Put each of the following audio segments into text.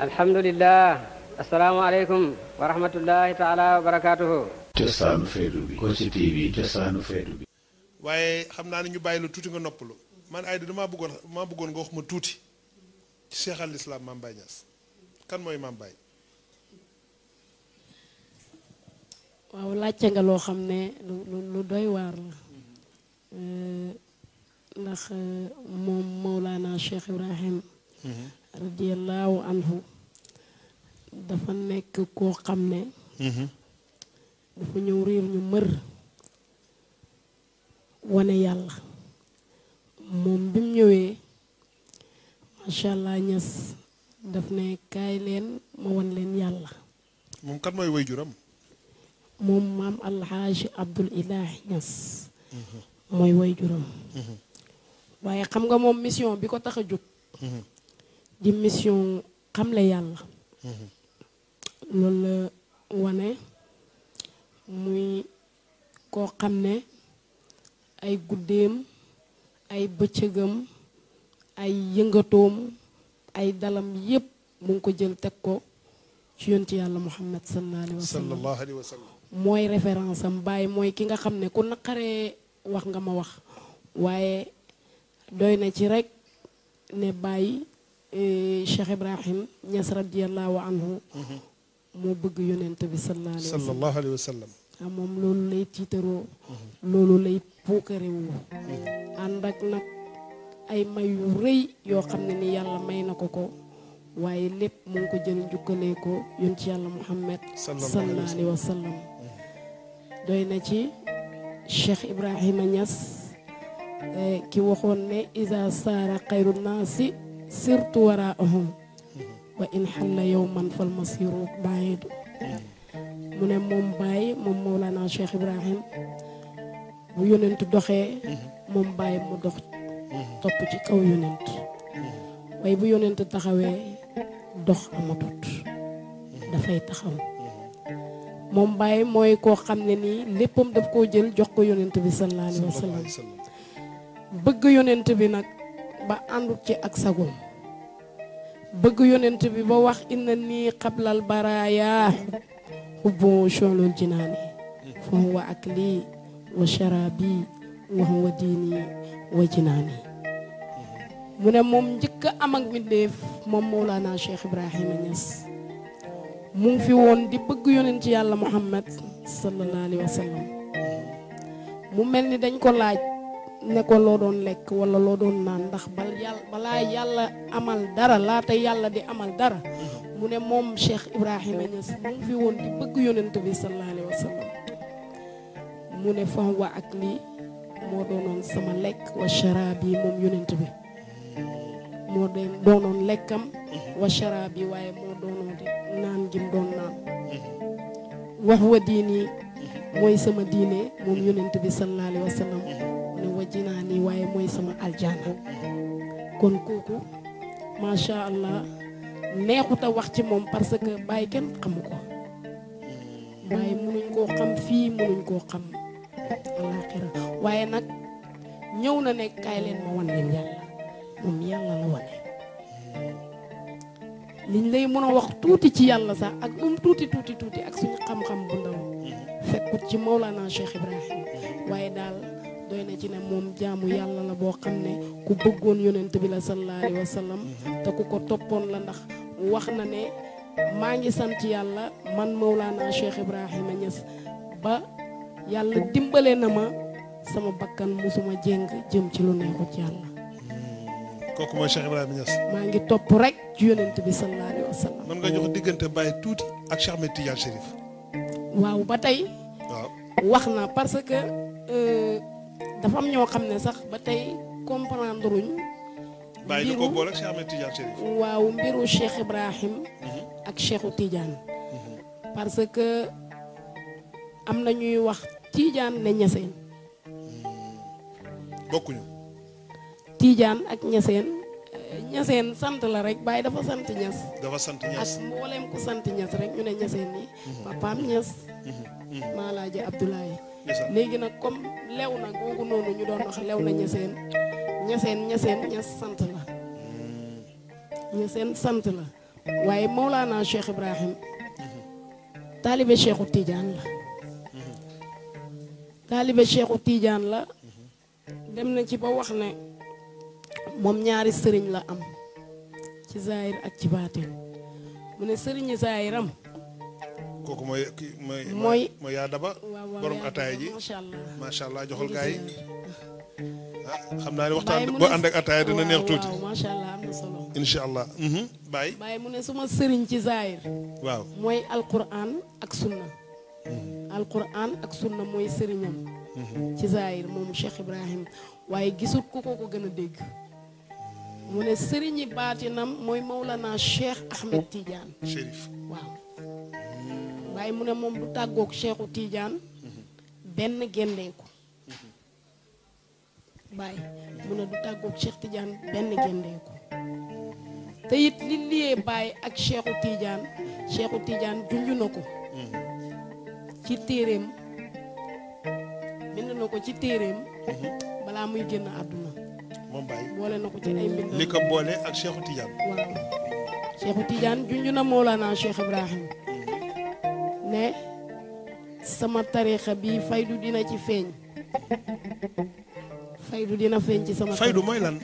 الحمد لله السلام عليكم ورحمة الله تعالى وبركاته cosaanu Fayda bi Kossy TV cosaanu Fayda bi waaye xam naa ne ñu bàyyi la tuuti nga noppalu man Aïda damaa bëggoon damaa bëggoon nga wax ma tuuti ci Cheikh al Islam Mame Baye Niass kan mooy Mame Baye waaw laajte nga loo xam ne lu lu doy waar la ndax moom Mawlaana Cheikh Ibrahim radiyallahu anhu dafa nekk koo xam ne mhm. dafa ñëw réer ñu mër wane yàlla moom bi ñëwee macha allah ñas daf ne kaay leen ma wan leen yàlla moom kan mooy waajuram moom maam alxaaji abdul ilaahi ñas mhm. mooy waajuram mhm. waaye xam nga moom mission bi ko tax a jóg di mission xamle yàlla mhm. loolu la wane muy koo xam ne ay guddeem ay bëccëgam ay yëngatoom ay dalam yépp mu ngi ko jël teg ko ci yoon ci yàlla muhammad sallallahu alayhi wa mooy référence am bàyyi mooy ki nga xam ne ku naqaree wax nga ma wax waaye doy na ci rek ne bàyyi Eh, Cheikh Ibrahim Niass radiyallahu anhu moo bëgg yonent bi sallallahu alayhi ah, moom loolu lay tiitaroo loolu lay puukarewoo ànd ak nag ay mayu rëy yoo xam ne ni yàlla may na ko ko waaye lépp mu ngi ko jël njukkalee ko yoon ci yàlla muhammad sallallahu alayhi doy na ci Cheikh Ibrahima Niass eh, ki waxoon ne isa saara xayru naasi سرت وراءهم وإن حل يوما فالمصير بعيد mu ne moom Baye moom Mawlana Cheikh Ibrahim bu yonent doxee moom Baye mu dox topp ci kaw yonent waaye bu yonent taxawee dox amatut dafay taxaw moom Baye mooy koo xam ne nii léppam daf koo jël jox ko yonent bi sallallahu alayhi wa sallam bëgg yonent bi nag ba àndut ci ak sagoom bëgg yonent bi ba wax inna nii xablal baraaya xubbu sholul jinaani fa huwa akli wa sharabi wa huwa diini wa jinaani mu ne moom njëkk a am ak mbindéef moom Mawlana Cheikh Ibrahima Niass mu ngi fi woon di bëgg yonent yàlla Muhammad sallallahu wa sallam mu mel ni dañ ko laaj ne loo doon lekk wala loo doon naan ndax bal yàlla amal dara laata yàlla di amal dara mm-hmm. mu ne moom Cheikh Ibrahima Niass mu ngi fi woon di bëgg yonent bi sallallahu alayhi mu ne fa wa ak lii moo doonoon sama lekk wa sharaab yi moom yonent bi moo doonoon lekkam mm-hmm. wa sharaab yi waaye moo doonoon naan gi doon naan mm-hmm. wax wa diini mooy sama diine moom yonent bi sallallahu alayhi sama jinaani waaye mooy sama aljana kon kooku macha allah neexut a wax ci moom parce que Baye kenn xamu ko Baye munuñ koo xam fii munuñ koo xam alaxira waaye nag ñëw na nekk kaay leen ma wan leen yàlla moom yàlla la wane liñ lay mën a wax tuuti ci yàlla sax ak moom tuuti tuuti tuuti ak suñu xam-xam bu fekkut ci Mawlana Cheikh Ibrahim waaye daal doy na ci ne moom jaamu yàlla la boo xam ne ku bëggoon yonent bi la sallallahu alayhi wa sallam te ku ko toppoon la ndax wax na ne maa ngi sant yàlla man Mawlana Cheikh Ibrahima Niass ba yàlla dimbale na ma sama bakkan musuma jéng jëm ci lu neexut hmm. kooku mooy Cheikh maa ngi topp rek ci yonent bi sallallahu alayhi wa sallam. nga jox diggante Baye tuuti ak Cheikh Ahmed Tidiane Chérif. waaw ba tey. waaw wax na parce que. Euh, dafa am ñoo xam ne sax ba tey comprendre luñ. bàyyi da koo boole ak Cheikh Ahmed Tidiane waaw mbiru Cheikh Ibrahim. Mhm. ak Cheikhu Tidiane. Mhm. parce que am na ñuy wax tiijaan ne ñeseen. Mhm. bokkuñu. Tidiane ak ñeseen. ñaseen euh, sant la rek Baye dafa sant ñas dafa sant ñas mbooleem ku sant ñas rek ñu ne ñaseen yi papaam ñas Maalaaji Abdoulaye léegi nag comme lew na googu noonu ñu doon wax lew na ñeseen ñeseen ñeseen ñes sant la mm. ñeseen sant la waaye Mawlaana Cheikh Ibrahim mm-hmm. taalibe Cheikhu tiijaan la mm-hmm. taalibe Cheikhu tiijaan la mm-hmm. dem na ci ba wax ne moom ñaari sëriñ la am ci zaahir ak ci baatin mu ne sëriñi zaahiram kooku mooy mooy yaa daba borom ataaya ji macha allah joxal gaa yi ah, xam naa ne waxtaan boo ànd ak ataaya dina neex tuuti macha allah am na solo incha allah mhm, baay mu ne suma sëriñ ci zaahir mooy alquran ak sunna mhm. mhm. moom Cheikh Ibrahim waaye gisul ku ko ko gën dégg mu ne sëriñi baatinam mooy Mawlana Cheikh Ahmed Tidiane Chérif waaye mu ne moom du tàggoog Seexu Tiijaan benn génneeku bàyyi mu li liyee bàyyi ak Seexu Tiijaan Seexu Tiijaan junj na ko ci téeréem bind na ko ci téeréem balaa muy génn àdduna moom boole na ko ci ay mbind li ko boole ak Seexu Tiijaan waaw Seexu Tiijaan junj na Mawlana ne sama tarixa bi faydu dina ci feeñ faydu dina feeñ ci sama faydu mooy lan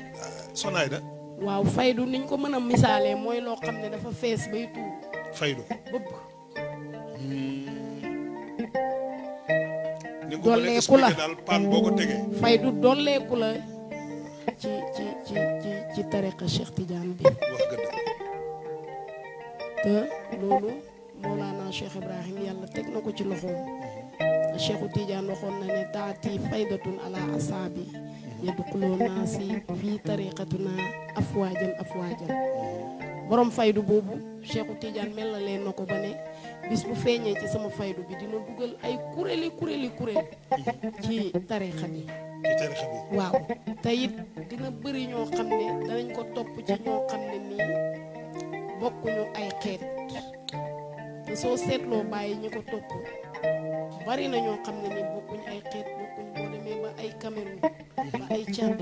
sonaay da waaw faydu niñ ko mën a misaalee mooy loo xam ne dafa fees bay tuur faydu bëbb hmm. dolleeku la paan boo ko tegee faydu dolleeku la ci ci ci ci ci tarixa Cheikh Tidiane bi wax gëdd te loolu moo Mawlana Cheikh Ibrahim yàlla teg na ko ci loxoom Cheikhu Tidiane waxoon na ne taati faydatun ala asaabi yadxuluuna si fii tariqatuna afwaajan afwaajan borom faydu boobu Cheikhu Tidiane mel na leen na ko ba ne bis bu feeñee ci sama faydu bi dina dugal ay kuréeli kuréeli kuréel ci tariqa bi waaw te dina bëri ñoo xam ne danañ ko topp ci ñoo xam ne nii bokkuñu ay xeet te soo seetloo bàyyi ñu ko topp bari na ñoo xam ne ni bokkuñ ay xeet bokkuñ boo demee ba ay Cameroun ba ay Tchad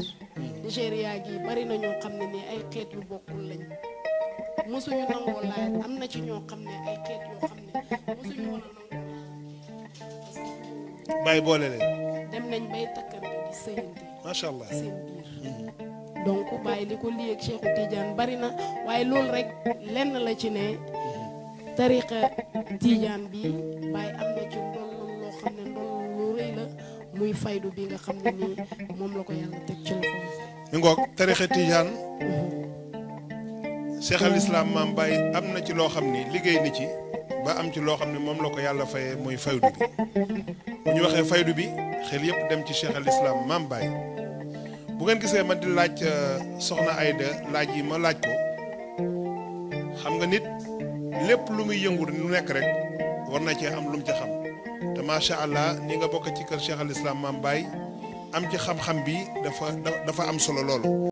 Nigéria bari na ñoo xam ne ni ay xeet yu bokkul lañ mosuñu nangoo laaj am na ci ñoo xam ne ay xeet yoo xam ne mosuñu war a nangoo boole leen dem nañ bay takkante di sëyante macha mhm. bàyyi li ko lii ak Cheikhou Tidiane bari na waaye loolu rek lenn la ci ne tariqa tijaan bi bàyyi am na ci ndollal loo xam ne ndollal lu rëy la muy faydu bi nga xam ne nii moom la ko yàlla teg ci loxo ñu ngoog tariqa tijaan cheikh al maam Baye am na ci loo xam ne liggéey na ci ba am ci loo xam ne moom la ko yàlla fayee mooy faydu bi bu ñu waxee faydu bi xel yëpp dem ci cheikh al islam maam Baye bu ngeen gisee ma di laaj euh, soxna Aida laaj yi ma laaj ko xam nga nit lépp lu muy yëngu nu nekk rek war na cee am lu mu ci xam te macha allah ni nga bokk ci kër Cheikh al Islam mam Baye am ci xam-xam bi dafa dafa am solo lool.